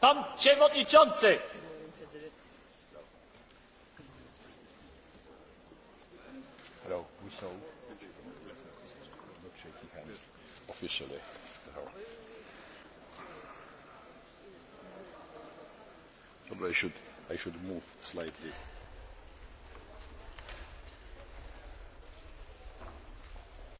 Pan Przewodniczący! Hello, officially. Probably I should I should move slightly.